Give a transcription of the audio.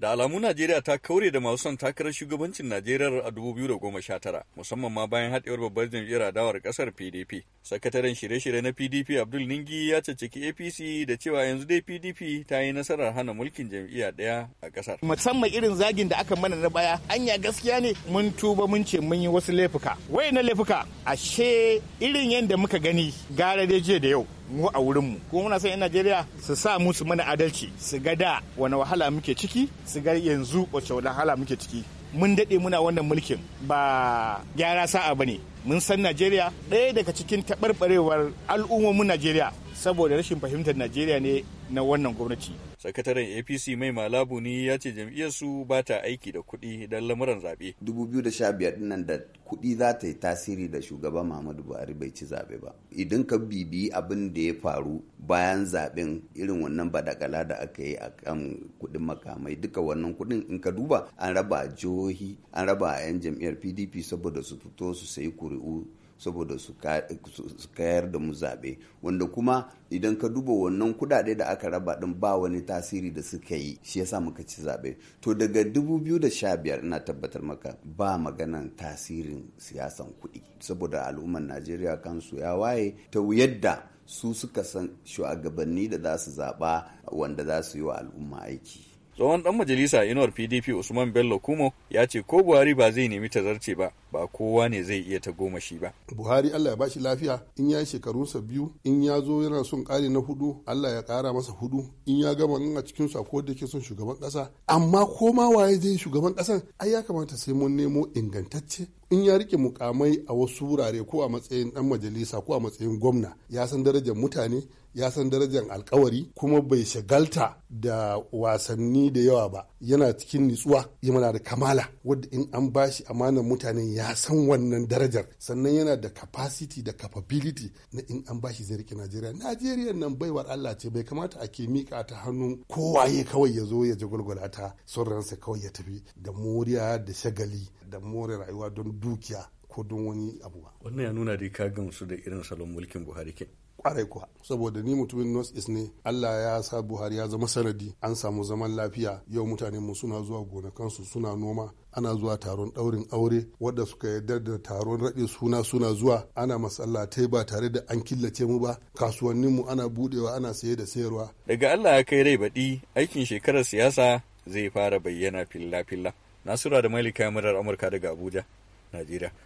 Da alamu Najeriya ta kaure da masu son takarar shugabancin Najeriya a 2019 musamman ma bayan haɗewar babbar jam'iyyar adawar ƙasar PDP sakataren shirye-shirye na pdp abdul ningi ya caccaki apc da cewa yanzu dai pdp ta yi nasarar hana mulkin jam'iyya ɗaya a ƙasar musamman irin zagin da aka mana na baya anya gaskiya ne mun tuba mun ce mun yi wasu laifuka wai na laifuka ashe irin yadda muka gani gara da jiya da yau mu a wurinmu kuma muna son 'yan najeriya su sa musu mana adalci su ga da wani wahala muke ciki su ga yanzu wace wahala muke ciki mun daɗe muna wannan mulkin ba gyara sa'a ba ne mun san najeriya ɗaya daga cikin taɓarɓarewar al'ummomin najeriya saboda rashin fahimtar najeriya ne na wannan gwamnati. Sakataren APC mai malabu ne ya ce jam'iyyarsu ba ta aiki da kuɗi don lamuran zaɓe. 2015 dinnan da kuɗi za ta yi tasiri da shugaban Muhammadu Buhari bai ci zaɓe ba. Idan ka bibiyi abin da ya faru bayan zaɓen irin wannan badakala da aka yi a kan kuɗin makamai duka wannan kuɗin in ka duba an raba jihohi an raba 'yan jam'iyyar PDP saboda su fito su sayi kuri'u saboda su kayar da mu zaɓe wanda kuma idan ka duba wannan kudade da aka raba ɗin ba wani tasiri da suka yi shi yasa muka ci zaɓe to daga 2015 ina tabbatar maka ba maganan tasirin siyasan kuɗi saboda al'ummar najeriya kansu ya waye ta yadda su suka san shugabanni da za su zaɓa wanda za su yi wa al'umma aiki tsohon dan majalisa inuwar pdp usman bello kumo ya ce ko buhari ba zai nemi ta zarce ba ba kowa ne zai iya ta goma shi ba buhari allah ya ba shi lafiya in ya yi sa biyu in ya zo yana son kare na hudu allah ya kara masa hudu in ya gama in a cikin sa ko da ke son shugaban kasa amma ko ma waye zai shugaban kasan ai ya kamata sai mun nemo ingantacce in ya rike mukamai a wasu wurare ko a matsayin dan majalisa ko a matsayin gwamna ya san darajar mutane ya san darajar alkawari kuma bai shagalta da wasanni da yawa ba yana cikin nitsuwa mana da kamala wadda in an bashi amanar mutane ya san wannan darajar sannan yana da capacity da capability na in an bashi zai rike najeriya najeriya nan baiwar allah ce bai kamata a ke mika ta hannun kowaye kawai ya zo ya ji ta son ransa kawai ya tafi da moriya da shagali da more rayuwa don dukiya ko don wani abu ba wannan ya nuna dai ka gamsu da irin salon mulkin buhari ke kwarai kuwa saboda ni mutumin north east ne allah ya sa buhari ya zama sanadi an samu zaman lafiya yau mutanen mu suna zuwa gonakansu suna noma ana zuwa taron ɗaurin aure wadda suka yarda da taron raɗe suna suna zuwa ana masallatai ba tare da an killace mu ba kasuwannin mu ana budewa ana saye da sayarwa daga allah ya kai rai baɗi aikin shekarar siyasa zai fara bayyana filla-filla nasura da malika murar amurka daga abuja najeriya